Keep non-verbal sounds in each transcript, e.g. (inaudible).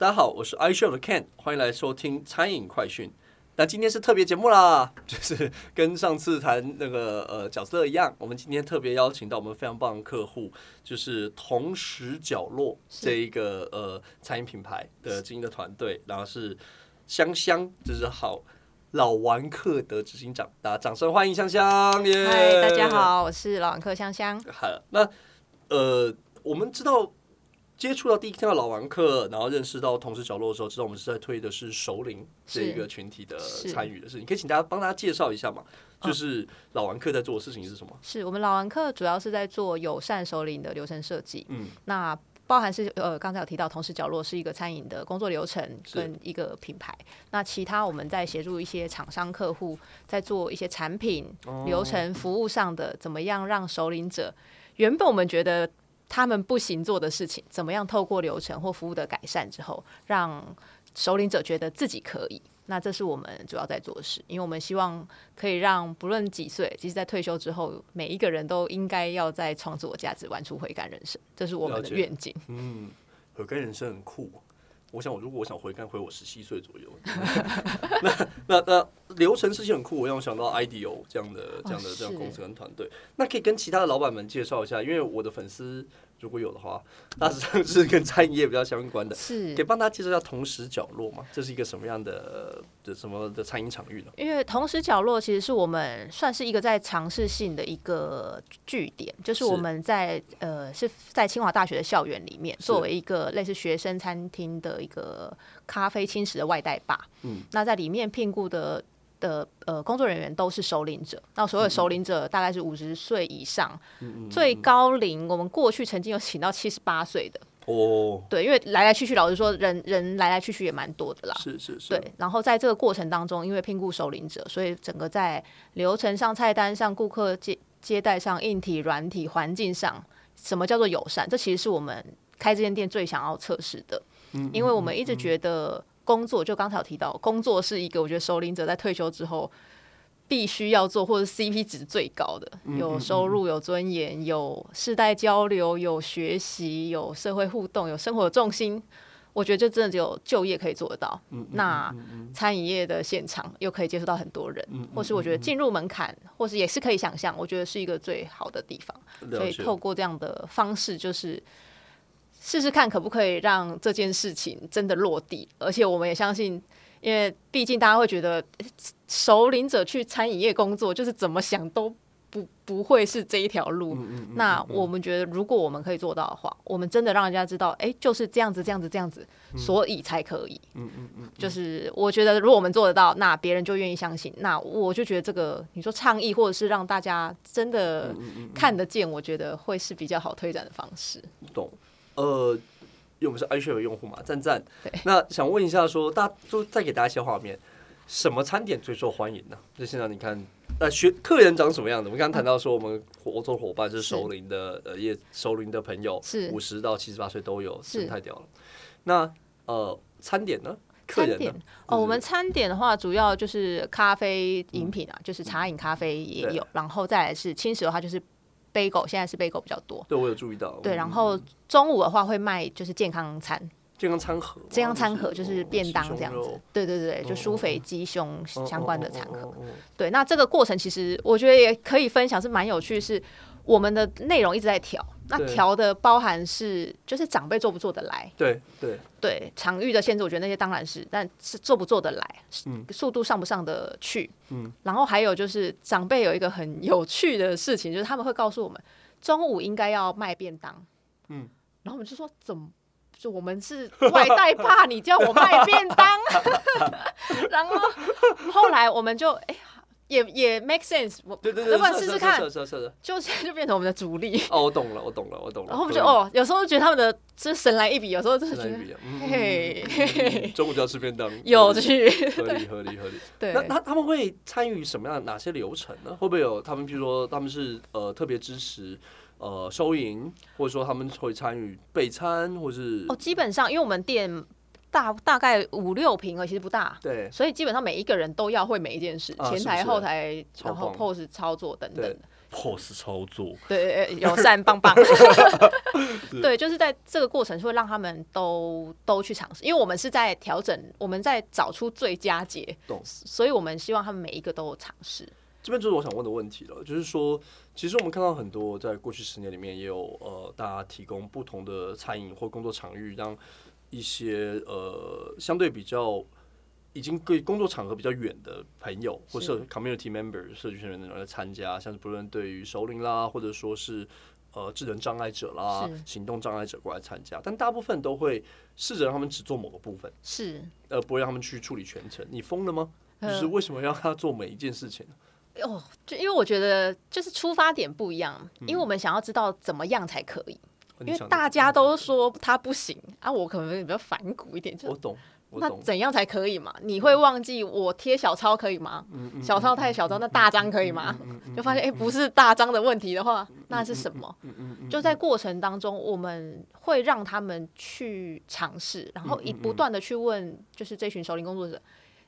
大家好，我是 iCHEF 的 Ken，歡迎來收聽餐飲快訊。那今天是特別節目啦，就是跟上次談那個呃角色一樣，我們今天特別邀請到我們非常棒的客戶，就是同食角落是這一個呃餐飲品牌的經營的團隊，是然後是香香，就是好老玩客的執行長，大家掌聲歡迎香香。嗨、yeah!，大家好，我是老玩客香香。好了，那呃我們知道。接觸到第一天的老玩客，然後認識到同食角落的時候，知道我們是在推的是熟齡這一個群體的參與的事情，是是，你可以請大家幫大家介紹一下嘛？就是老玩客在做的事情是什麼？啊、是我們老玩客主要是在做友善熟齡的流程設計。嗯，那包含是呃，剛才有提到同食角落是一個餐飲的工作流程跟一個品牌，是那其他我們在協助一些廠商客戶，在做一些產品流程服務上的怎麼樣讓熟齡者？哦嗯、原本我們覺得。他們不行做的事情，怎麼樣透過流程或服務的改善之後，讓熟齡者覺得自己可以？那這是我們主要在做的事，因為我們希望可以讓不論幾歲，即使在退休之後，每一個人都應該要再創自我價值、玩出回甘人生，這是我們的願景。嗯，回甘人生很酷。我想，我如果我想回甘回我十七歲左右，那那 (laughs) (laughs) 那。那那流程是很酷，讓我想，想到 IDEO 這樣的這樣的這樣的公司跟團隊。啊、是那可以跟其他的老闆們介紹一下，因為我的粉絲如果有的話，大致上是跟餐飲業比較相關的，是可以幫大家介紹一下。同時角落嘛，這是一個什麼樣的的什麼的餐飲場域呢、啊？因為同時角落其實是我們算是一個在嘗試性的一個據點，就是我們在是呃是在清華大學的校園裡面，作為一個類似學生餐廳的一個咖啡輕食的外帶吧。嗯，那在裡面聘僱的。的呃，工作人員都是熟齡者，那所有熟齡者大概是五十歲以上，嗯、最高齡、嗯嗯、我們過去曾經有請到七十八歲的哦，對，因為來來去去，老實說人，人、嗯、人來來去去也蠻多的啦，是是是，對。然後在這個過程當中，因為聘僱熟齡者，所以整個在流程上、菜單上、顧客接接待上、硬體、軟體、環境上，什麼叫做友善？這其實是我們開這間店最想要測試的，嗯、因為我們一直覺得。嗯嗯嗯工作就剛才有提到，工作是一個我覺得熟齡者在退休之後必須要做，或者 CP 值最高的，有收入、有尊嚴、有世代交流、有學習、有社會互動、有生活重心。我覺得這真的只有就業可以做得到。那餐飲業的現場又可以接觸到很多人，或是我覺得進入門檻，或是也是可以想象，我覺得是一個最好的地方。所以透過這樣的方式，就是。試試看可不可以讓這件事情真的落地，而且我們也相信，因為畢竟大家會覺得、熟齡者去餐飲業工作，就是怎麼想都不不會是這一條路。嗯嗯嗯、那我們覺得，如果我們可以做到的話，我們真的讓人家知道，哎，就是這樣子，這樣子，這樣子，嗯、所以才可以。嗯嗯嗯。嗯嗯嗯就是我覺得，如果我們做得到，那別人就願意相信。那我就覺得，這個你說倡議或者是讓大家真的看得見，我覺得會是比較好推展的方式。懂、嗯。嗯嗯嗯呃，因為我們是 iCHEF 的用戶嘛？讚讚，對那想問一下說，說大家就再給大家一些畫面，什麼餐點最受歡迎呢、啊？就現在你看，呃，學客人長什麼樣子？我們剛剛談到說，我們合作伙伴是熟齡的，是呃，也熟齡的朋友，五十是到七十八歲都有，是太屌了。那呃，餐點呢？餐點哦，我們餐點的話，主要就是咖啡飲品啊，嗯、就是茶飲、咖啡也有，對然後再來是輕食的話，就是。貝果現在是貝果比較多，對，我有注意到。對，然後中午的話會賣就是健康餐，健康餐盒。啊，健康餐盒就是便當這樣子。哦，對對對，哦，就舒肥雞胸相關的餐盒。哦哦哦哦，對，那這個過程其實我覺得也可以分享，是蠻有趣，是我們的內容一直在調。那調的包含是，就是長輩做不做得來？對對對，場域的限制，我覺得那些當然是，但是做不做得來，嗯、速度上不上的去，嗯、然後還有就是，長輩有一個很有趣的事情，就是他們會告訴我們，中午應該要賣便當，嗯、然後我們就說，怎麼，就我們是外帶爸， (laughs) 你叫我賣便當？ (laughs) 然後後來我們就，哎、欸。也也 make sense，對對對，如果試試看，是了是了是，了是了就就變成我們的主力。哦，我懂了，我懂了，我懂了。然後我們就對哦，有時候覺得他們的真神來一筆，有時候真的神來一筆、啊。嘿嘿嘿嗯，嘿，中午就要吃便當，有趣去、嗯，合理合理合理。合理對，那那他，他們會參與什麼樣的、哪些流程呢？會不會有他們？譬如說他們是呃特別支持呃收銀，或者說他們會參與備餐，或者是哦基本上因為我們店。大大概五六坪而其實不大。對，所以基本上每一個人都要會每一件事，啊、前台、是是後台，棒然後 POS 操作等等。POS 操作，對對對，友善棒棒。對，就是在這個過程，是會讓他們都都去嘗試，因為我們是在調整，我們在找出最佳解。懂所以我們希望他們每一個都有嘗試。這邊就是我想問的問題了，就是說，其實我們看到很多在過去十年裡面，也有呃，大家提供不同的餐飲或工作場域讓。一些呃，相對比較已經跟工作場合比較遠的朋友，是或者 community member 社區成員的人來參加，像是不論對於熟齡啦，或者說是呃智能障礙者啦，是行動障礙者過來參加，但大部分都會試着讓他們只做某個部分，是，呃，不會讓他們去處理全程。你瘋了嗎？就是為什麼要他做每一件事情？哦、呃，就因為我覺得就是出發點不一樣，因為我們想要知道怎麼樣才可以。嗯因為大家都說他不行啊，我可能也比較反骨一點就，就我懂。我懂那怎樣才可以嘛？你會忘記我貼小抄可以嗎？嗯嗯、小抄、太小張，那大張可以嗎？嗯嗯嗯嗯、 (laughs) 就發現誒、欸，不是大張的問題的話，那是什麼？嗯嗯嗯嗯、就在過程當中，我們會讓他們去嘗試，然後一不斷的去問，就是這群熟齡工作者，誒、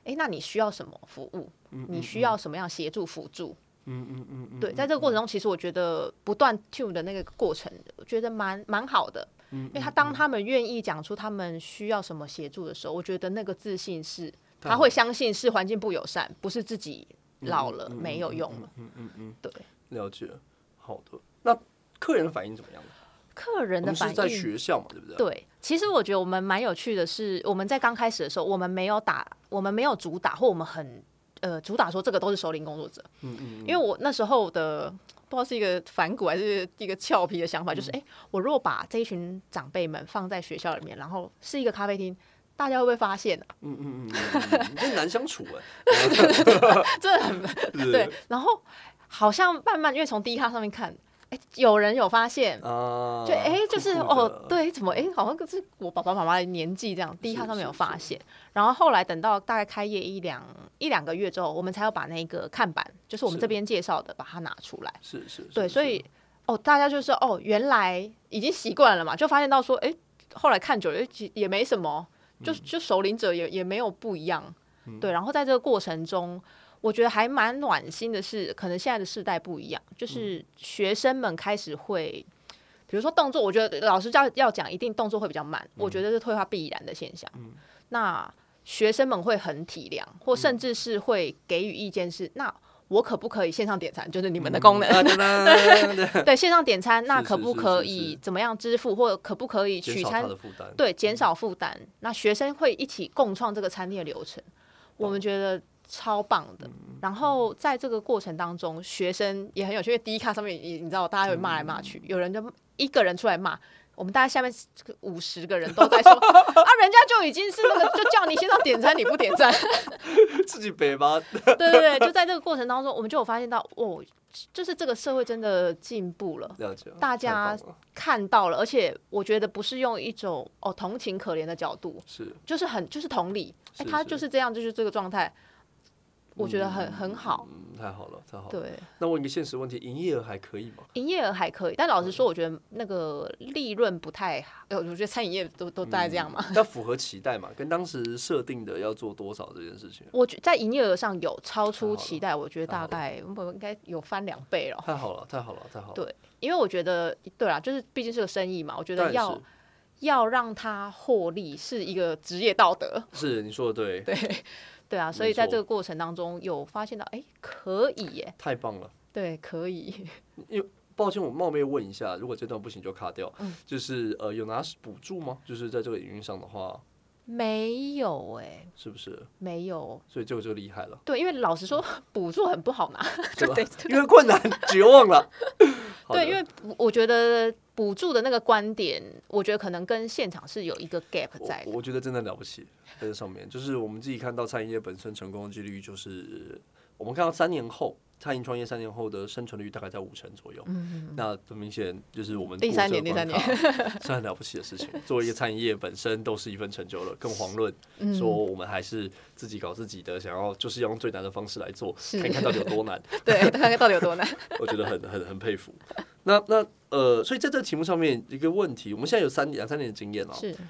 欸，那你需要什麼服務？你需要什麼樣協助輔助？嗯嗯嗯嗯，嗯，嗯，對，在這個過程中，其實我覺得不斷 tune 的那個過程，我覺得蠻蠻好的，因為他當他們願意講出他們需要什麼協助的時候，我覺得那個自信是，他會相信是環境不友善，不是自己老了沒有用了。嗯嗯嗯，對，了解，好的。那客人的反應怎麼樣？客人的反應在學校嘛，對不對？對，其實我覺得我們蠻有趣的，是我們在剛開始的時候，我們沒有打，我們沒有主打，或我們很。呃，主打說這個都是熟齡工作者，嗯，嗯嗯，因為我那時候的不知道是一個反骨還是一個俏皮的想法，就是哎、欸，我若把這一群長輩們放在學校裡面，然後是一個咖啡廳，大家會不會發現、啊、嗯，嗯，嗯嗯嗯，這難 (laughs) 相處哎、欸， (laughs) (laughs) 真的很是對。然後好像慢慢，因為從 D 咖上面看。有人有發現，啊、就哎，就是哭哭哦，對，怎麼哎，好像就是我爸爸媽媽的年紀這樣。第一趟他們沒有發現，是是是，然後後來等到大概開業一兩一兩個月之後，我們才要把那個看板，就是我們這邊介紹的，是把它拿出來。是是，是是，對，所以哦，大家就是哦，原來已經習慣了嘛，就發現到說，哎，後來看久了也沒什麼，嗯、就就熟齡者也也沒有不一樣。嗯、對，然後在這個過程中。我覺得還蠻暖心的是，可能現在的世代不一樣，就是學生們開始會，嗯、比如說動作，我覺得老師教要講一定動作會比較慢，嗯、我覺得是退化必然的現象。嗯、那學生們會很體諒，或甚至是會給予意見是，嗯、那我可不可以線上點餐？就是你們的功能，嗯啊、噠噠 (laughs) 對，線上點餐，那可不可以怎麼樣支付，或可不可以取餐？減少的負擔。對，減少負擔。嗯、那學生會一起共創這個餐廳的流程，哦、我們覺得。超棒的。然後在這個過程當中，學生也很有趣，因為 D 卡上面，你你知道，大家會罵來罵去，有人就一個人出來罵，我們大家下面五十個人都在說啊，人家就已經是那個，就叫你現在點讚，你不點讚，自己北巴。對對對，就在這個過程當中，我們就有發現到哦，就是這個社會真的進步了，大家看到了，而且我覺得不是用一種哦同情可憐的角度，是就是很就是同理，哎，他就是這樣，就是這個狀態。我覺得很很好，嗯，嗯，太好了，太好了。對，那問一個現實問題，營業額還可以嗎？營業額還可以，但老實說，我覺得那個利潤不太好，呃。我覺得餐飲業都都大概這樣嘛，它，嗯、符合期待嘛，跟當時設定的要做多少這件事情。我覺得在營業額上有超出期待，我覺得大概應該有翻兩倍了。太好了，太好了，太好了。對，因為我覺得，對啦，就是畢竟是個生意嘛，我覺得要是要讓它獲利是一個職業道德。是你說的對，對。對啊，所以在這個過程當中有發現到，哎錯、欸，可以耶，太棒了，對，可以。因為抱歉，我冒昧問一下，如果這段不行就卡掉，嗯、就是呃，有拿補助嗎？就是在這個領域上的話。沒有哎、欸，是不是？沒有，所以就就厲害了。對，因為老實說，補助很不好拿，嗯、 (laughs) 就因為困難 (laughs) 絕望了。 (laughs) 的對，因為我覺得補助的那個觀點，我覺得可能跟現場是有一個 gap 在的。我，我覺得真的了不起，在這上面，就是我們自己看到餐飲業本身成功的幾率，就是我們看到三年後。餐飲創業三年後的生存率大概在五成左右，嗯、那很明顯就是我們第三年，第三年是很了不起的事情。嗯、作為一個餐飲業本身都是一份成就了，更遑論說我們還是自己搞自己的，嗯、想要就是要用最難的方式來做，是看看到底有多難，對，看看到底有多難， (laughs) 我覺得很很很佩服。 (laughs) 那那呃，所以在這個題目上面一個問題，我們現在有三兩三年的經驗了、哦。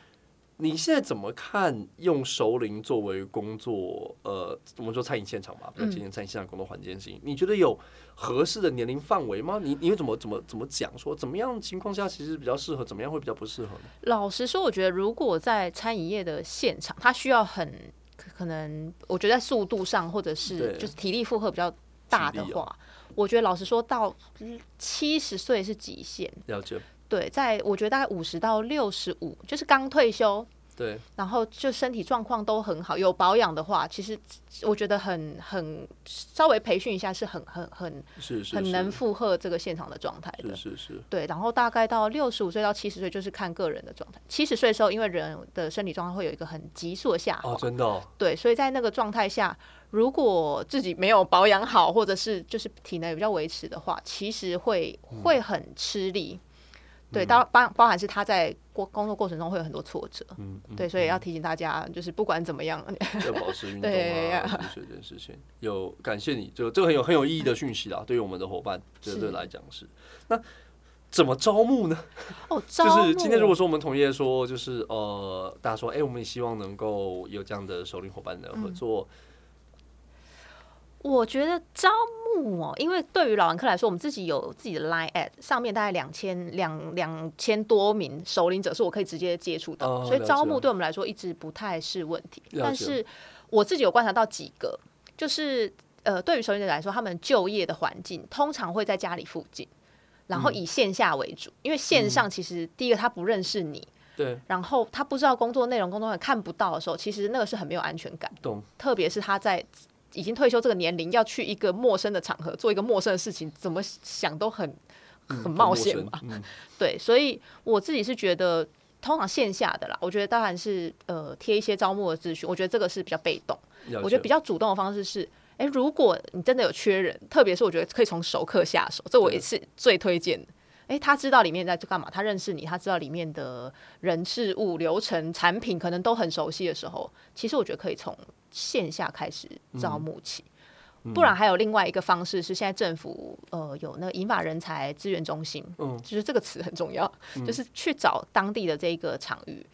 你現在怎麼看用熟齡作為工作？呃，我們說餐飲現場吧，比如今天餐飲現場工作環境，你覺得有合適的年齡範圍嗎？你你會怎麼怎麼怎麼講說怎麼樣情況下其實比較適合，怎麼樣會比較不適合呢？老實說，我覺得如果在餐飲業的現場，它需要很可能，我覺得在速度上或者是就是體力負荷比較大的話，我覺得老實說到七十歲是極限。了解。對，在我覺得大概五十到六十五，就是剛退休，對，然後就身體狀況都很好，有保養的話，其實我覺得很很稍微培訓一下是很很很，很能負荷這個現場的狀態的，是是，是是。對，然後大概到六十五歲到七十歲，就是看個人的狀態。七十歲的時候，因為人的身體狀況會有一個很急速的下滑，哦，真的哦。對，所以在那個狀態下，如果自己沒有保養好，或者是就是體能也比較維持的話，其實會會很吃力。嗯對，包包包含是他在過工作過程中會有很多挫折，嗯，嗯對，所以要提醒大家，就是不管怎麼樣，要保持運動啊，這件事情有感謝你就這個很有很有意義的訊息啦， (laughs) 對於我們的伙伴絕對來講是。是那怎麼招募呢？哦、招募 (laughs) 就是今天如果說我們同業說就是呃，大家說哎、欸，我們也希望能夠有這樣的熟齡伙伴的合作。嗯我覺得招募，哦、喔，因為對於老玩客來說，我們自己有自己的 line at 上面，大概兩千兩兩千多名熟齡者，是我可以直接接觸到，哦、了解，所以招募對我們來說一直不太是問題。了解，但是我自己有觀察到幾個，就是呃，對於熟齡者來說，他們就業的環境通常會在家裡附近，然後以線下為主，嗯、因為線上其實、嗯、第一個他不認識你，對，然後他不知道工作內容，工作看不到的時候，其實那個是很沒有安全感。懂，特別是他在。已經退休這個年齡，要去一個陌生的場合做一個陌生的事情，怎麼想都很很冒險吧。嗯嗯、對，所以我自己是覺得，通常線下的啦，我覺得當然是呃貼一些招募的資訊，我覺得這個是比較被動。確我覺得比較主動的方式是，誒，如果你真的有缺人，特別是我覺得可以從熟客下手，這我也是最推薦的。欸、他知道裡面在幹嘛，他認識你，他知道裡面的人事物流程、產品可能都很熟悉的時候，其實我覺得可以從線下開始招募起。嗯嗯、不然還有另外一個方式是，現在政府呃有那個銀髮人才資源中心，嗯，就是這個詞很重要，嗯、就是去找當地的這個場域，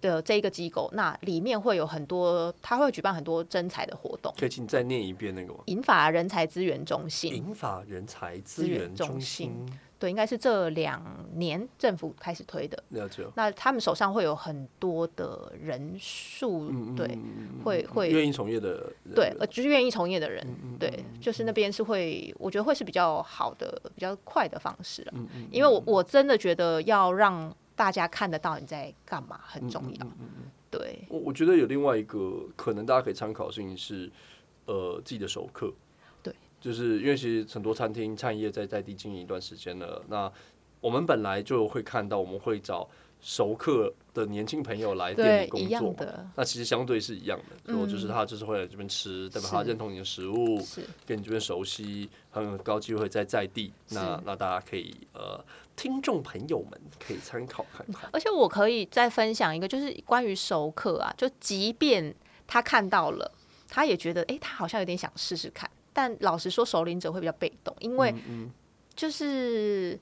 的這個機構，嗯嗯、那裡面會有很多，他會舉辦很多徵才的活動。最近再念一遍那個。銀髮人才資源中心，銀髮人才資源中心。對，應該是這兩年政府開始推的。了解。那他們手上會有很多的人數，對，會會願意從業的人，對，呃，就是願意從業的人，對，就是那邊是會，我覺得會是比較好的、比較快的方式了。因為我我真的覺得要讓大家看得到你在幹嘛很重要。對。我我覺得有另外一個可能大家可以參考的事情是，呃，自己的熟客。就是因為其實很多餐廳餐飲業在在地經營一段時間了，那我們本來就會看到，我們會找熟客的年輕朋友來店裡工作嘛。那其實相對是一樣的，如果、嗯、就是他就是會來這邊吃，是代表他認同你的食物，是跟你這邊熟悉，很高機會在在地。是那那大家可以呃，聽眾朋友們可以參考看看。而且我可以再分享一個，就是關於熟客啊，就即便他看到了，他也覺得哎、欸，他好像有點想試試看。但老實說，熟齡者會比較被動，因為就是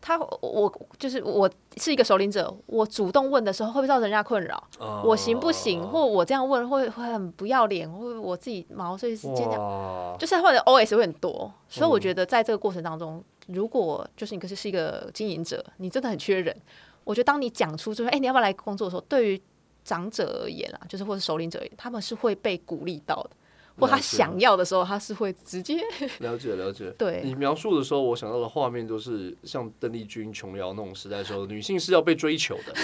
他，我就是我是一個熟齡者，我主動問的時候會不會造成人家困擾？Uh、我行不行？或我這樣問會會很不要臉，或我自己毛遂自薦的，Wow. 就是或者 OS 會很多。所以我覺得在這個過程當中，um、如果就是你可是是一個經營者，你真的很缺人，我覺得當你講出就是哎、欸，你要不要來工作的時候，對於長者而言啊，就是或者熟齡者而言，他們是會被鼓勵到的。不，他想要的時候，他是會直接了解了解。對了，你描述的時候，我想到的畫面都是像鄧麗君、瓊瑤那種時代時候，女性是要被追求的，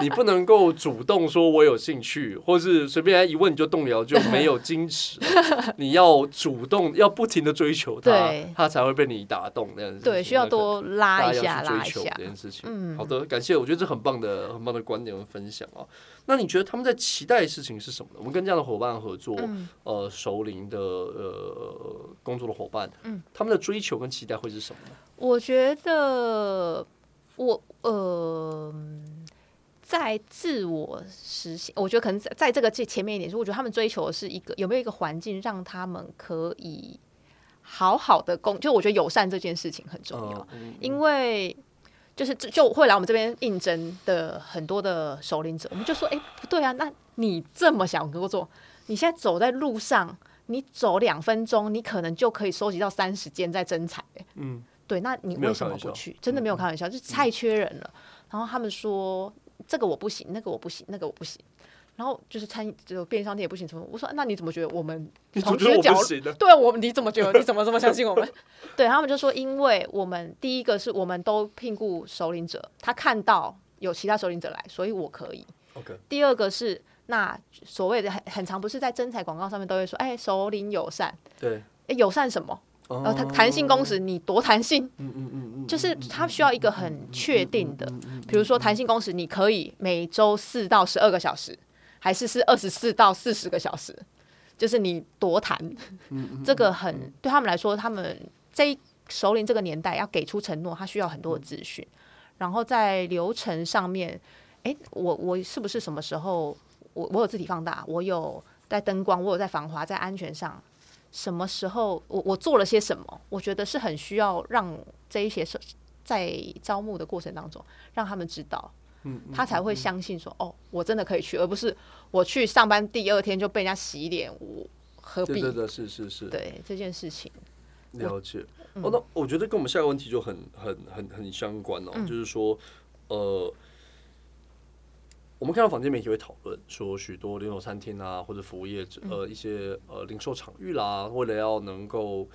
你不能夠主動說“我有興趣”或是隨便一問你就動搖，就沒有矜持。你要主動，要不停的追求，她，她，他才會被你打動那樣子。對，需要多拉一下，拉一下這件事情。嗯，好的，感謝，我覺得這很棒的、很棒的觀點和分享啊。那你覺得他們在期待的事情是什麼呢？我們跟這樣的伙伴合作，嗯、呃，熟齡的呃工作的伙伴，嗯，他們的追求跟期待會是什麼呢？我覺得我呃，在自我實現，我覺得可能在，在這個前面一點我覺得他們追求的是一個有沒有一個環境讓他們可以好好的工，就我覺得友善這件事情很重要，嗯、因為。就是就會來我們這邊應徵的很多的熟齡者，我們就說，哎，不對啊，那你這麼想工作，你現在走在路上，你走兩分鐘，你可能就可以收集到三十件在徵才，嗯，對，那你為什麼不去？真的沒有開玩笑，嗯、就太缺人了。嗯、然後他們說，這個我不行，那個我不行，那個我不行。 (noise) 然後就是餐，就便利商店也不行。我說，那你怎麼覺得我們從前角？你怎麼覺得我們、啊、對，我你怎麼覺得？你怎麼這麼相信我們？ (laughs) 對他們就說，因為我們第一個是我們都聘雇熟齡者，他看到有其他熟齡者來，所以我可以。Okay. 第二個是，那所謂的很很常，不是在徵才廣告上面都會說，哎、欸，熟齡友善。對。友、欸、善什麼？哦、uh，然後他彈性工時，你多彈性？ (noise) 就是他需要一個很確定的，比如說彈性工時，你可以每周四到十二個小時，還是是二十四到四十個小時，就是你多談，嗯、這個很對他們來說，他們這熟齡這個年代要給出承諾，他需要很多的資訊。嗯、然後在流程上面，哎，我我是不是什麼時候我我有字體放大，我有在燈光，我有在防滑，在安全上，什麼時候我我做了些什麼？我覺得是很需要讓這一些在招募的過程當中讓他們知道。嗯嗯、他才會相信說，嗯、哦，我真的可以去，而不是我去上班第二天就被人家洗臉，我何必？對對對，是是是，對這件事情了解。我嗯、哦，那我覺得跟我們下一個問題就很很很很相關哦，嗯、就是說，呃，我們看到坊間媒體會討論說，許多連鎖餐廳啊，或者服務業，呃，一些呃零售場域啦，為了要能夠。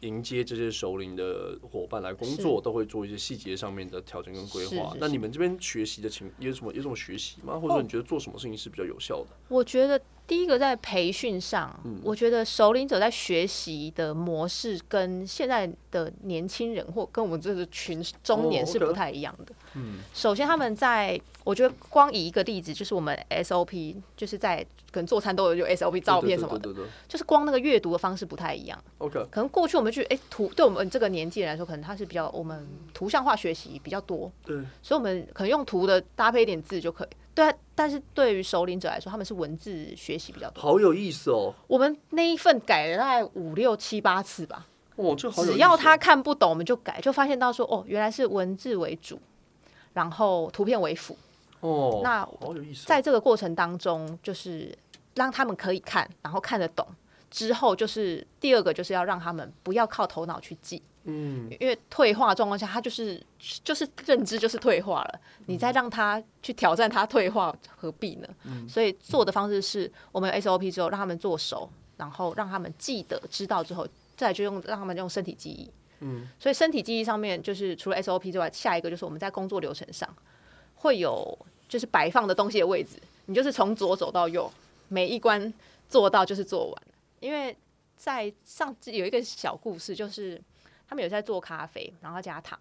迎接這些熟齡的夥伴來工作，是都會做一些細節上面的調整跟規劃。是是是，那你們這邊學習的情有什麼？有什麼學習嗎？或者說你覺得做什麼事情是比較有效的？我覺得。第一個在培訓上，嗯、我覺得熟齡者在學習的模式跟現在的年輕人或跟我們這個群中年是不太一樣的。Oh, okay. 首先他們在，我覺得光以一個例子，就是我們 SOP，就是在可能做餐都有就 SOP 照片什麼的，就是光那個閱讀的方式不太一樣。Okay. 可能過去我們去哎、欸、圖，對我們這個年紀來說，可能他是比較我們圖像化學習比較多。所以我們可能用圖的搭配一點字就可以。對，但是對於熟齡者來說，他們是文字學習比較多。好有意思哦！我們那一份改了大概五六七八次吧。哦就好哦，只要他看不懂，我們就改，就發現到說哦，原來是文字為主，然後圖片為輔。哦，那好有意思哦。在這個過程當中，就是讓他們可以看，然後看得懂之後，就是第二個就是要讓他們不要靠頭腦去記。嗯，因為退化狀況下，他就是就是認知就是退化了。你再讓他去挑戰他退化，何必呢？嗯，所以做的方式是我們有 SOP 之後，讓他們做熟，然後讓他們記得知道之後，再就用讓他們用身體記憶。嗯，所以身體記憶上面就是除了 SOP 之外，下一個就是我們在工作流程上會有就是擺放的東西的位置，你就是從左走到右，每一關做到就是做完。因為在上次有一個小故事就是。他們有在做咖啡，然後加糖。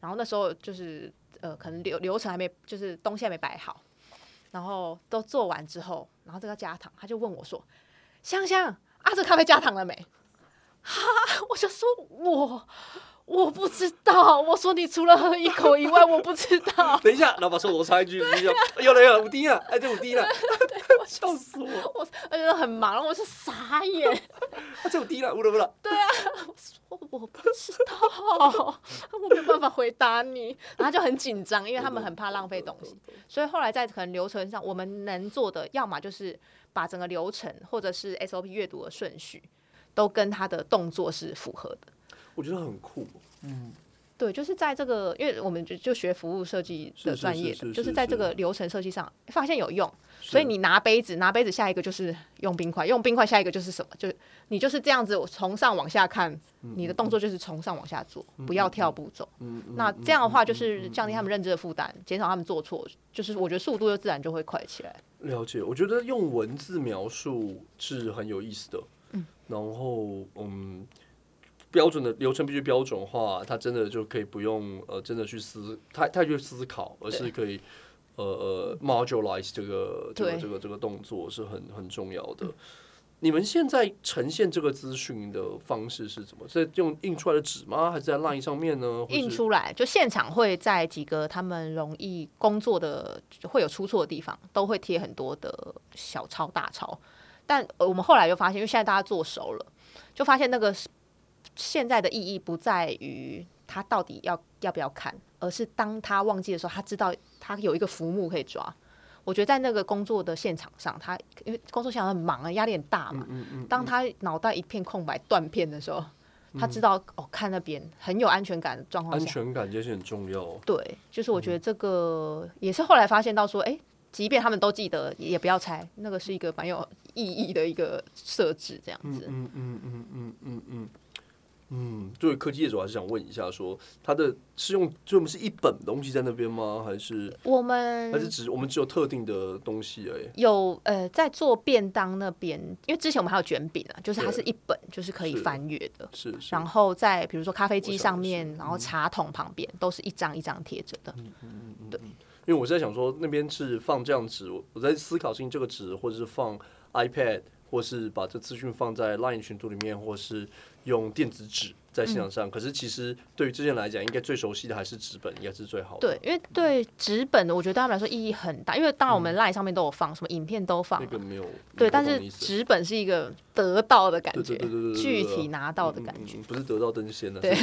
然後那時候就是，呃，可能流流程還沒，就是東西還沒擺好。然後都做完之後，然後這個加糖，他就問我說：“香香啊，這咖啡加糖了沒？”哈，我就說我。我不知道，我說你除了喝一口以外， (laughs) 我不知道。等一下，老板說：“我插一句，啊哎、有呦有了，五滴了，哎，這對,對,對，五滴了，我笑死我！我而且很忙，我是傻眼。哎、 (laughs) 啊，這五滴了，烏了烏了。對啊。我說我不知道， (laughs) 我沒有辦法回答你。 (laughs) 然後他就很緊張，因為他們很怕浪費東西，所以後來在可能流程上，我們能做的，要麼就是把整個流程或者是 SOP 閱讀的順序，都跟他的動作是符合的。我覺得很酷。嗯，對，就是在這個，因為我們就就學服務設計的專業，就是在這個流程設計上發現有用，是所以你拿杯子，拿杯子，下一個就是用冰塊，用冰塊，下一個就是什麼？就是你就是這樣子，從上往下看，嗯、你的動作就是從上往下做，嗯、不要跳步驟、嗯。嗯，嗯那這樣的話就是降低他們認知的負擔，嗯嗯嗯、減少他們做錯，就是我覺得速度就自然就會快起來。了解，我覺得用文字描述是很有意思的。嗯，然後嗯。標準的流程必須標準化，他真的就可以不用呃，真的去思他他去思考，而是可以對呃呃 modularize 這個這個這個這個動作是很很重要的。對你們現在呈現這個資訊的方式是怎麼？是用印出來的紙嗎？還是在 line 上面呢？印出來就現場會在幾個他們容易工作的會有出錯的地方，都會貼很多的小抄、大抄。但我們後來就發現，因為現在大家做熟了，就發現那個。現在的意義不在於他到底要要不要看，而是當他忘記的時候，他知道他有一個浮木可以抓。我覺得在那個工作的現場上，他因為工作現場很忙啊，壓力很大嘛。嗯嗯嗯、當他腦袋一片空白、斷、嗯、片的時候，他知道、嗯、哦，看那邊很有安全感的狀況。安全感其實很重要、哦。對，就是我覺得這個、嗯、也是後來發現到說，哎、欸，即便他們都記得，也不要拆。那個是一個蠻有意義的一個設置，這樣子。嗯嗯嗯嗯嗯嗯。嗯嗯嗯嗯嗯嗯嗯，對，科技業主我還是想問一下說，說它的是用，就我們是一本東西在那邊嗎？還是我們？還是只我們只有特定的東西而、欸、已？有，呃，在做便當那邊，因為之前我們還有卷餅啊，就是它是一本，對就是可以翻閱的是。是。是然後在比如說咖啡機上面，然後茶桶旁邊，都是一張一張貼着的。嗯嗯嗯。對嗯。因為我是在想說，那邊是放這樣紙，我在思考，究竟這個紙或者是放 iPad。或是把這資訊放在 LINE 群組裡面，或是用電子紙在現場上。可是其實對於這些人來講，應該最熟悉的還是紙本，應該是最好的。對，因為對紙本的，我覺得對他們來說意義很大。因為當然我們 LINE 上面都有放，什麼影片都放，那個沒有。對。但是紙本是一個得到的感覺，具體拿到的感覺。不是得到登仙了，對對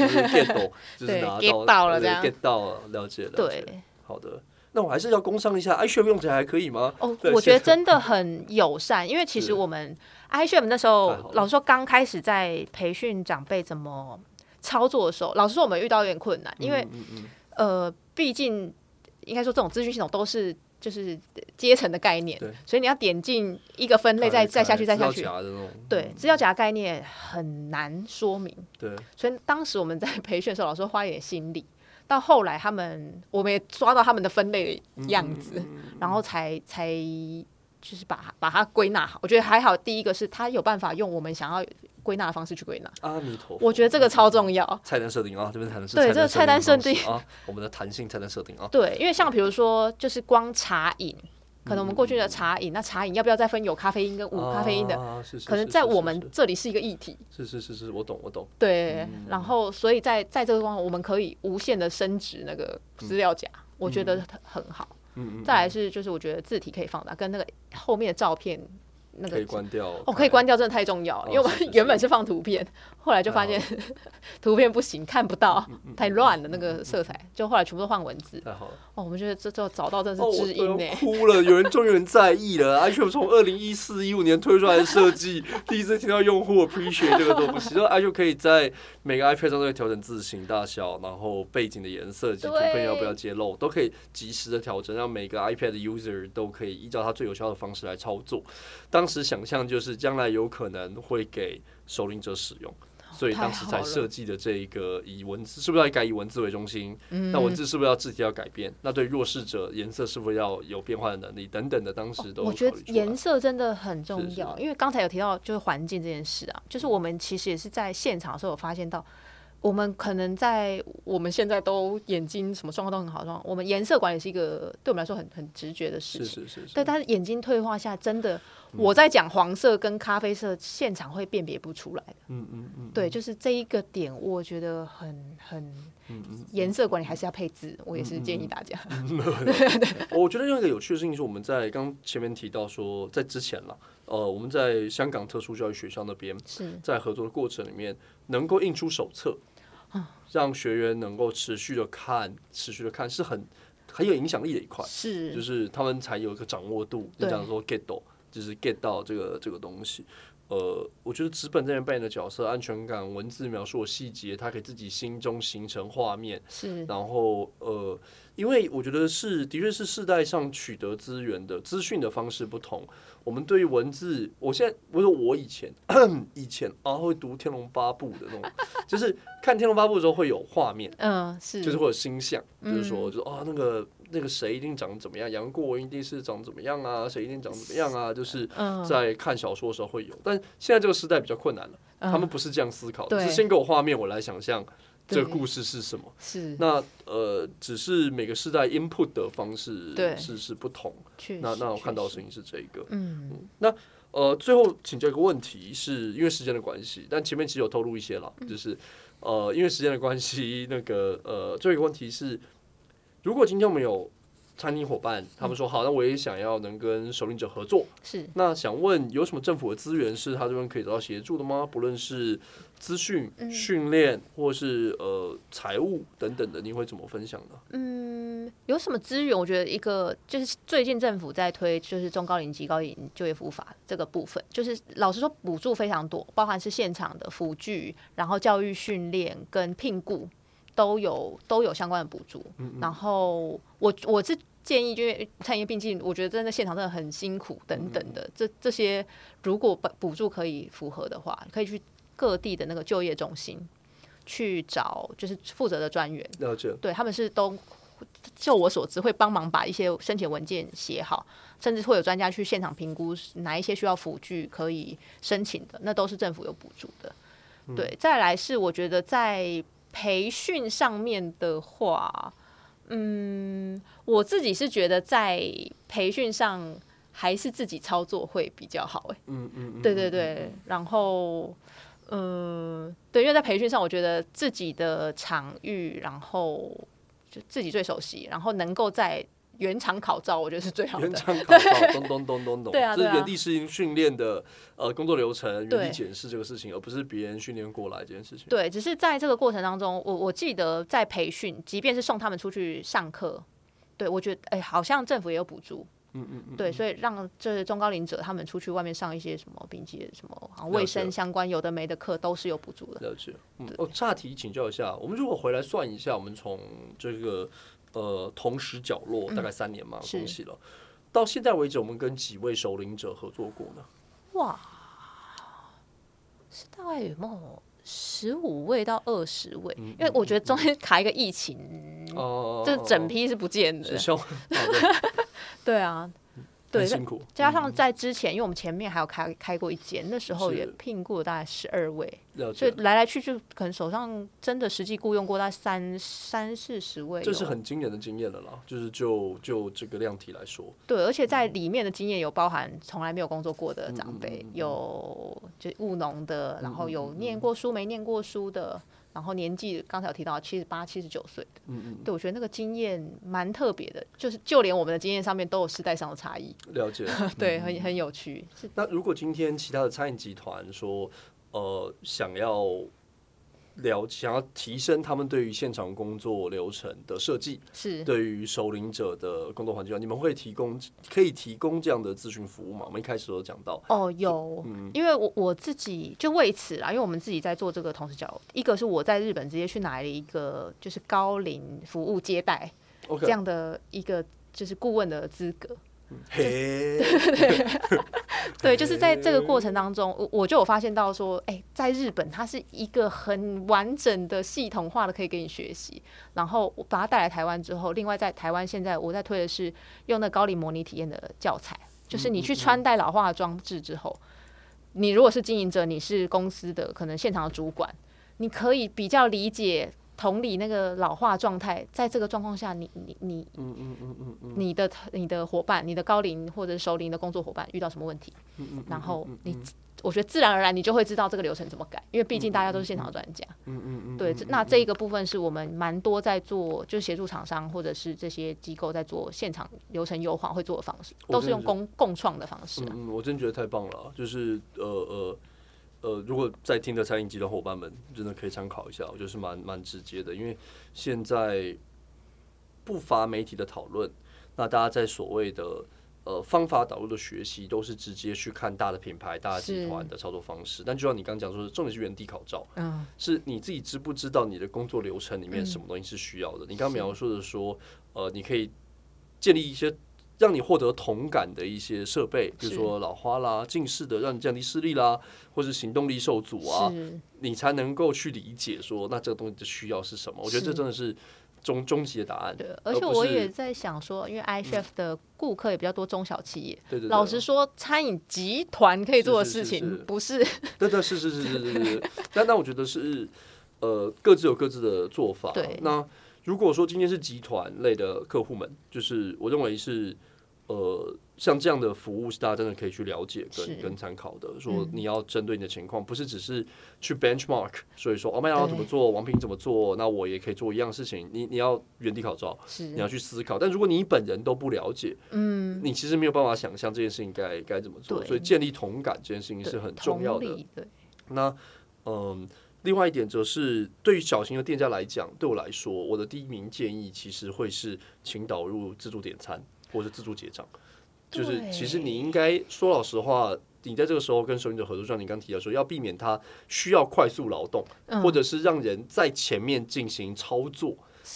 get 到了，對 get 到了，了解，了解。對，好的。那我還是要工商一下，iCHEF 用起來還可以嗎？我覺得真的很友善，因為其實我們 iCHEF 那時候老師說剛開始在培訓長輩怎麼操作的時候，老師說我們遇到一點困難，因為呃，畢竟應該說這種資訊系統都是就是階層的概念，所以你要點進一個分類，再再下去再下去，對，資料夾的概念很難說明，對，所以當時我們在培訓的時候，老師花一點心力。到後來，他們我們也抓到他們的分類的樣子，嗯、然後才才就是把把它歸納好。我覺得還好，第一個是他有辦法用我們想要歸納的方式去歸納。阿彌陀佛，我覺得這個超重要。菜單設定哦、啊，這邊談的是設的、啊、對這個菜單設定啊， (laughs) 我們的彈性菜單設定哦、啊。對，因為像比如說，就是光茶飲。可能我們過去的茶飲，嗯、那茶飲要不要再分有咖啡因跟無咖啡因的？啊，是是是。可能在我們這裡是一個議題。是是是是，我懂我懂。對，嗯、然後所以在，在在這個地方，我們可以無限的升值那個資料夾，嗯、我覺得很好。嗯嗯。嗯嗯，再來是就是我覺得字體可以放大，跟那個後面的照片那個可以關掉。哦，可以關掉，真的太重要了，哦、是是是，因為我們原本是放圖片。後來就發現好圖片不行，看不到，嗯嗯、太亂了。那個色彩，嗯嗯嗯、就後來全部都換文字。太好了，哦，我們覺得這這找到真是知音呢。哭了， (laughs) 有人終於有人在意了。iCHEF 從二零一四一五年推出來的設計， (laughs) 第一次聽到用戶 appreciate 這個東西， (laughs) 就 iCHEF 可以在每個 iPad 上都可以調整字型大小，然後背景的顏色及圖片要不要揭露，對都可以及時的調整，讓每個 iPad 的 user 都可以依照它最有效的方式來操作。當時想象就是將來有可能會給。手領者使用，所以當時才設計的這一個以文字，是不是要改以文字為中心？嗯、那文字是不是要字體要改變？那對弱勢者顏色是不是要有變化的能力等等的，當時都、哦、我覺得顏色真的很重要，是是因為剛才有提到就是環境這件事啊，就是我們其實也是在現場的時候有發現到。我們可能在我們現在都眼睛什麼狀況都很好，狀況我們顏色管理也是一個對我們來說很很直覺的事情，是是是,是。對，但是眼睛退化下，真的我在講黃色跟咖啡色，現場會辨別不出來。嗯嗯嗯。對，就是這一個點，我覺得很很顏色管理還是要配置。我也是建議大家。 (laughs) 對 我覺得另一個有趣的事情是，我們在剛前面提到說，在之前了，呃，我們在香港特殊教育學校那邊，在合作的過程裡面，能夠印出手冊。讓學員能夠持續的看，持續的看是很很有影響力的一塊，是就是他們才有一個掌握度。你像說 get 到，就是 get 到這個這個東西。呃，我覺得紙本這邊扮演的角色，安全感，文字描述細節，他可以自己心中形成畫面。是，然後呃，因為我覺得是，的確是世代上取得資源的資訊的方式不同。我們對於文字，我現在不是我以前，以前啊，會讀《天龍八部》的那種，就是看《天龍八部》的時候會有畫面，嗯，是，就是會有星象，就是說，就說，啊那個。那個誰一定長得怎麼樣？楊過一定是長得怎麼樣啊？誰一定長得怎麼樣啊？就是在看小說的時候會有，嗯、但現在這個時代比較困難了，嗯、他們不是這樣思考的，對只是先給我畫面，我來想象這個故事是什麼。是那呃，只是每個時代 input 的方式是對是不同。實那那我看到的聲音是這個。嗯嗯。那呃，最後請教一個問題，是因為時間的關係，但前面其實有透露一些了，就是呃，因為時間的關係，那個呃，最後一個問題是。如果今天我們有餐廳夥伴，他們說好，那我也想要能跟熟齡者合作。是，那想問有什麼政府的資源是他這邊可以得到協助的嗎？不論是資訊、訓練，或是呃財務等等的，你會怎麼分享呢？嗯，有什麼資源？我覺得一個就是最近政府在推，就是中高齡及高齡就業服務法這個部分，就是老實說，補助非常多，包含是現場的輔具，然後教育訓練跟聘僱。都有都有相關的補助，嗯嗯，然後我我是建議，因為餐飲業畢竟，我覺得真的現場真的很辛苦等等的，嗯嗯嗯，這這些如果補補助可以符合的話，可以去各地的那個就業中心去找，就是負責的專員。了解。對他們是都，就我所知會幫忙把一些申請文件寫好，甚至會有專家去現場評估哪一些需要輔具可以申請的，那都是政府有補助的。嗯、對，再來是我覺得在。培訓上面的話，嗯，我自己是覺得在培訓上還是自己操作會比較好，欸嗯，嗯嗯，對對對，嗯，然後，嗯，對，因為在培訓上，我覺得自己的場域，然後就自己最熟悉，然後能夠在。原廠考照，我覺得是最好的原。原廠考照咚咚咚咚咚，對啊，對，啊、是原地適應訓練的呃工作流程，原地解釋這個事情，對 而不是別人訓練過來這件事情。對，只是在這個過程當中，我我記得在培訓，即便是送他們出去上課，對我覺得哎、欸，好像政府也有補助，嗯嗯,嗯，對，所以讓這些中高齡者他們出去外面上一些什麼，以及什麼衛生相關有的沒的課，都是有補助的。了解了。嗯，我對、哦、岔題請教一下，我們如果回來算一下，我們從這個。呃，同食角落大概三年嘛，嗯、是，恭喜了。到現在為止，我們跟幾位熟齡者合作過呢？哇，是大概有莫十五位到二十位，嗯嗯嗯嗯，因為我覺得中間卡一個疫情，這、嗯嗯嗯嗯、整批是不見的。哈、哦哦、 (laughs) 對啊。對，辛苦。加上在之前，嗯、因為我們前面還有開開過一間，那時候也聘過大概十二位，了了所以來來去去，可能手上真的實際僱傭過大概三三四十位。這是很驚人的經驗了啦，就是就就這個量體來說。對，而且在裡面的經驗有包含從來沒有工作過的長輩，嗯嗯嗯、有就務農的，然後有念過書沒念過書的。嗯嗯嗯然後年紀剛才有提到七十八、七十九歲。嗯嗯，對我覺得那個經驗蠻特別的，就是就連我們的經驗上面都有時代上的差異，了解。 (laughs) 對，很很有趣。嗯，是，那如果今天其他的餐飲集團說，呃，想要。了想要提升他們對於現場工作流程的設計，是對於熟齡者的工作環境，你們會提供、可以提供這樣的諮詢服務嗎？我們一開始有講到哦，oh, 有，嗯、因為我我自己就為此啦，因為我們自己在做這個，同時流。一個是我在日本直接去拿了一個就是高齡服務接待 Okay. 這樣的一個就是顧問的資格。嘿， (laughs) (laughs) 對，就是在這個過程當中，我我就有發現到說，誒、欸，在日本它是一個很完整的系統化的可以給你學習，然後我把它帶來台灣之後，另外在台灣現在我在推的是用那高齡模擬體驗的教材，就是你去穿戴老化的裝置之後，你如果是經營者，你是公司的可能現場的主管，你可以比較理解，同理，那個老化狀態，在這個狀況下你，你你你，你的你的夥伴、你的高齡或者熟齡的工作夥伴遇到什麼問題，嗯嗯嗯、然後你，我覺得自然而然你就會知道這個流程怎麼改，因為畢竟大家都是現場的專家，嗯嗯嗯，嗯嗯嗯嗯對，那這一個部分是我們蠻多在做，就是協助廠商或者是這些機構在做現場流程優化會做的方式，都是用共共創的方式、啊。嗯，我真的覺得太棒了、啊，就是呃呃。呃呃，如果在聽的餐飲集團的夥伴們，真的可以參考一下，我覺得是蠻蠻直接的，因為現在不乏媒體的討論。那大家在所謂的呃方法導入的學習，都是直接去看大的品牌、大的集團的操作方式。是但就像你剛講說的重點是原地考照，嗯，oh. 是你自己知不知道你的工作流程裡面什麼東西是需要的？嗯，你剛剛描述的說，呃，你可以建立一些。讓你獲得同感的一些設備，比如說老花啦、近視的，讓你降低視力啦，或是行動力受阻啊，是你才能夠去理解說，那這個東西的需要是什麼？是我覺得這真的是終終極的答案。對，而且我也在想說，想說因為 iCHEF 的顧客也比較多中小企業。嗯、對,對對。老實說，餐飲集團可以做的事情不是,是,是,是,是。對對,對是,是是是是是， (laughs) 但但我覺得是呃，各自有各自的做法。對。那如果說今天是集團類的客戶們，就是我認為是。呃，像這樣的服務是大家真的可以去了解跟是跟參考的。說你要針對你的情況，嗯、不是只是去 benchmark、嗯。所以說，我麥對、哦、要，要怎麼做，王品怎麼做，那我也可以做一樣事情。你你要原地考照，是你要去思考。但如果你本人都不了解，嗯，你其實沒有辦法想象這件事情該該怎麼做。對所以建立同感這件事情是很重要的。那嗯，另外一點則是對於小型的店家來講，對我來說，我的第一名建議其實會是請導入自助點餐。或者是自助結賬，就是其實你應該說老實話，你在這個時候跟熟齡者合作上，你剛提到說要避免他需要快速勞動，或者是讓人在前面進行操作，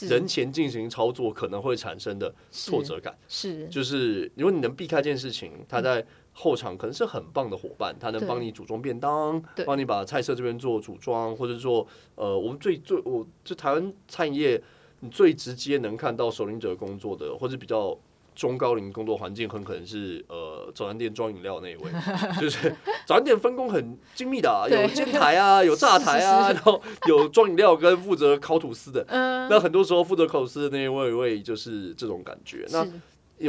人前進行操作可能會產生的挫折感，是就是如果你能避開這件事情，他在後場可能是很棒的伙伴，他能幫你組裝便當，幫你把菜色這邊做組裝，或者做呃，我們最最我就台灣餐飲業，你最直接能看到熟齡者工作的，或者比較。中高齡工作環境很可能是呃早餐店裝飲料那一位，就是早餐店分工很精密的，啊，有煎台啊，有炸台啊，然後有裝飲料跟負責烤吐司的。那很多時候負責烤吐司的那一位就是這種感覺。那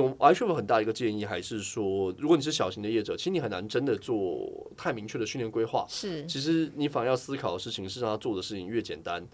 我還是有很大一個建議，還是說，如果你是小型的業者，其實你很難真的做太明確的訓練規劃。是，其實你反而要思考的事情是讓他做的事情越簡單，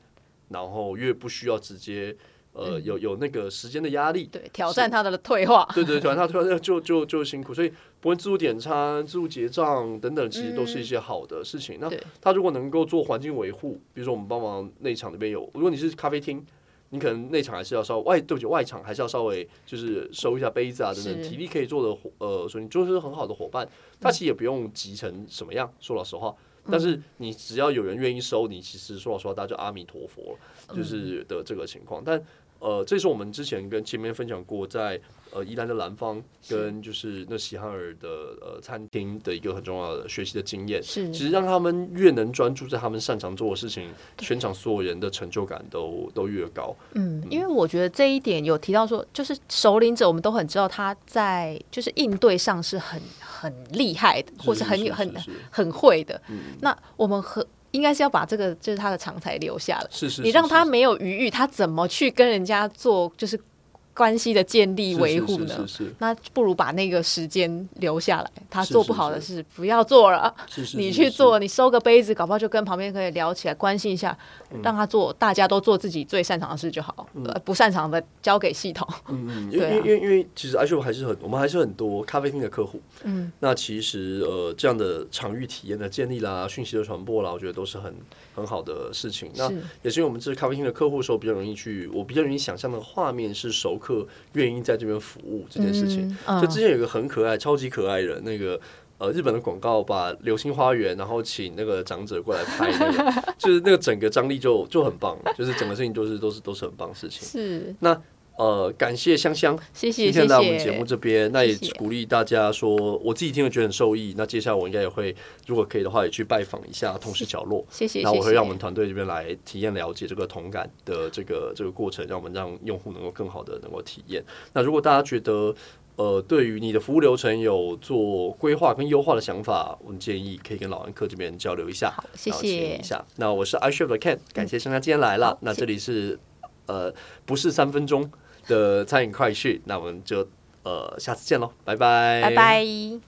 然後越不需要直接。呃，嗯、有有那個時間的壓力，對，挑戰他的退化，對，對對，挑戰他的退化就就就辛苦，所以不管自助點餐、自助結賬等等，其實都是一些好的事情。嗯、那對他如果能夠做環境維護，比如說我們幫忙內場那邊有，如果你是咖啡廳，你可能內場還是要稍微外對不起，外場還是要稍微就是收一下杯子啊等等，體力是可以做的，呃，所以你就是很好的夥伴，他其實也不用急成什麼樣。嗯、說老實話，但是你只要有人願意收你，其實說老實話，大家就阿彌陀佛了，就是的這個情況，但。呃，這是我們之前跟前面分享過，在呃宜蘭的南方跟就是那喜憨兒的呃餐廳的一個很重要的學習的經驗，是、是其實讓他們越能專注在他們擅長做的事情，全對場所有人的成就感都都越高。嗯，嗯因為我覺得這一點有提到說，就是熟齡者我們都很知道他在就是應對上是很很厲害的，或者很有很很會的。嗯、那我們和應該是要把這個，就是他的長才留下了。是是是是，你讓他沒有餘裕，他怎麼去跟人家做？就是。關係的建立維護呢？那不如把那個時間留下來。他做不好的事不要做了，你去做，你收個杯子，搞不好就跟旁邊可以聊起來，關心一下，讓他做，大家都做自己最擅長的事就好。不擅長的交給系統。對，因因為其實 iCHEF 還是很，我們還是很多咖啡廳的客戶。嗯。那其實呃，這樣的場域體驗的建立啦，訊息的傳播啦，我覺得都是很很好的事情。那也是因為我們這咖啡廳的客戶的時候，比較容易去，我比較容易想象的畫面是手。客願意在這邊服務這件事情，就之前有一個很可愛、超級可愛的那個呃日本的廣告，把流星花園，然後請那個長者過來拍，就是那個整個張力就就很棒，就是整個事情都是都是都是很棒的事情。是那。呃，感謝香香，謝謝謝謝，今天我們節目這邊，謝謝那也鼓勵大家說，我自己聽了覺得很受益。謝謝那接下來我應該也會，如果可以的話，也去拜訪一下同食角落，謝謝。那我會讓我們團隊這邊來體驗了解這個同感的這個這個過程，讓我們讓用戶能夠更好的能夠體驗。謝謝那如果大家覺得，呃，對於你的服務流程有做規劃跟優化的想法，我們建議可以跟老玩客這邊交流一下，好，謝謝一下。那我是 iCHEF 的 Ken 感謝香香今天來了。好那這裡是謝謝呃，不是三分鐘。的餐飲快訊，那我們就呃下次見嘍，拜拜，拜拜。